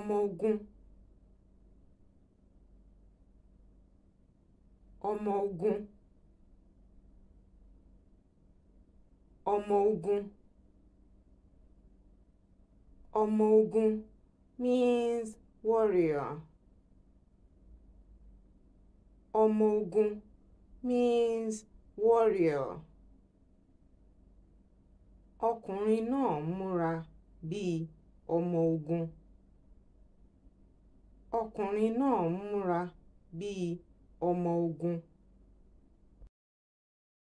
ọmọ ogun ọmọ ogun ọmọ ogun ọmọ ogun means warrior ọmọ ogun means warrior ọkùnrin náà múra bíi ọmọ ogun. Ọkùnrin náà ń múra bíi ọmọ ogun.